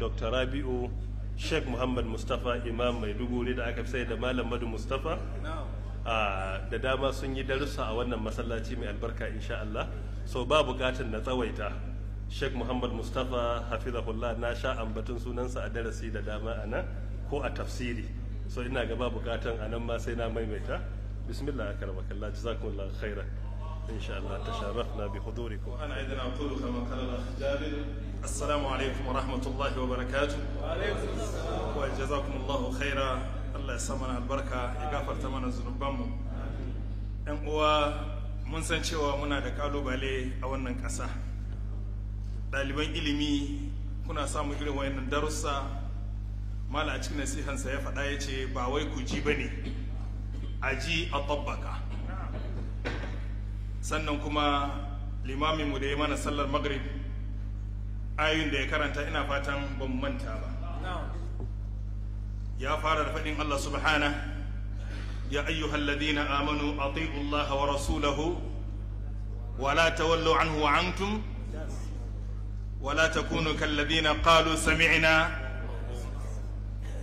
dr rabi'u sheikh muhammad mustapha imam mai ne da aka fi sai da malam madu mustapha da dama sun yi darussa a wannan masallaci mai albarka insha Allah so ba bukatun na tsawaita sheikh muhammad mustapha hafizahullah na sha ambatun sunansa a darasi da dama a nan ko a tafsiri so ina ga ba bukatan a nan ma sai na maimaita bismillah akarbakallah jazakumullahu khairan إن شاء الله تشرفنا بحضوركم وأنا أيضا أقول كما قال الأخ جابر السلام عليكم ورحمة الله وبركاته وعليكم السلام وجزاكم الله خيرا albarka ya gafarta mana zunubanmu ‘yan uwa mun san cewa muna da kalubale a wannan ƙasa ɗaliban ilimi kuna samun irin wayannan darussa mala a cikin nasihansa ya faɗa ya ce ba wai ku ji ba ne a ji a tabbaka sannan kuma limaminmu da ya mana sallar maghrib ayoyin da ya karanta ina fatan ban manta ba ya fara da faɗin Allah subhana ya ayyuhan ladina amanu ati'u Allah wa rasulahu wa la tawallu anhu wa antum wa la takunu kal ladina qalu sami'na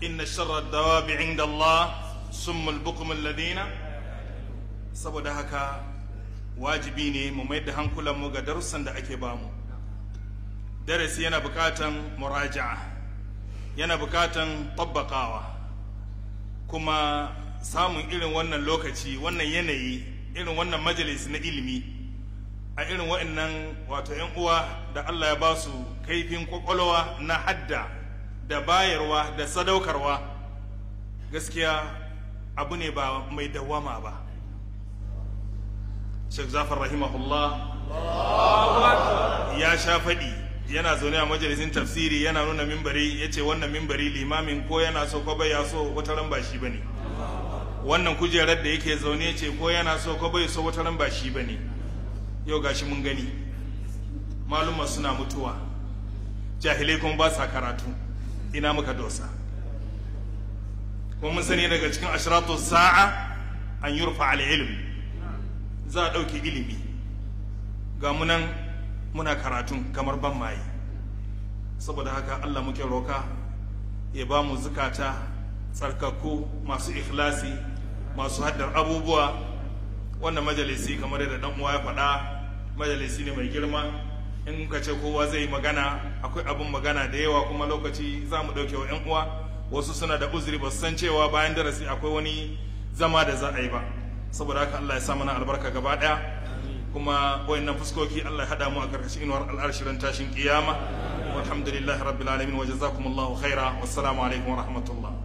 inna sharra ad-dawabi 'inda Allah summul bukum alladina saboda haka wajibi ne mu mai da hankulanmu ga darussan da ake bamu darasi yana bukatan muraja'a yana bukatan tabbakawa kuma samun irin wannan lokaci wannan yanayi irin wannan majalis na ilimi a irin wa'annan wato 'yan uwa da Allah ya ba su kaifin kwakwalwa na hadda da bayarwa da sadaukarwa gaskiya abu ne ba mai dawama ba Sheikh Zafar rahimahullah ya sha faɗi yana zaune a majalisin tafsiri yana nuna mimbari ya ce wannan mimbari limamin ko yana so ko bai ya so wata ran ba shi ba ne wannan kujerar da yake zaune ya ce ko yana so ko bai so wata ran ba shi ba ne yau gashi mun gani maluma suna mutuwa jahilai kuma ba sa karatu ina muka dosa kuma mun sani daga cikin ashratu sa'a an yurfa al-ilm za a ɗauke ilimi ga munan muna karatun kamar ban maye saboda haka allah muke roka ya ba mu zukata tsarkaku masu ikhlasi masu haddar abubuwa wannan majalisi kamar yadda dan uwa ya faɗa majalisi ne mai girma in ka ce kowa zai yi magana akwai abin magana da yawa kuma lokaci za mu ɗauke wa 'yan uwa wasu suna da uzuri ba san cewa bayan darasi akwai wani zama da za a yi ba saboda haka Allah ya sa mana albarka gaba daya kuma wayannan fuskoki Allah ya hada mu a karkashin inuwar al'arshirin tashin kiyama alhamdulillahi rabbil alamin wa jazakumullahu khaira wassalamu alaikum wa rahmatullah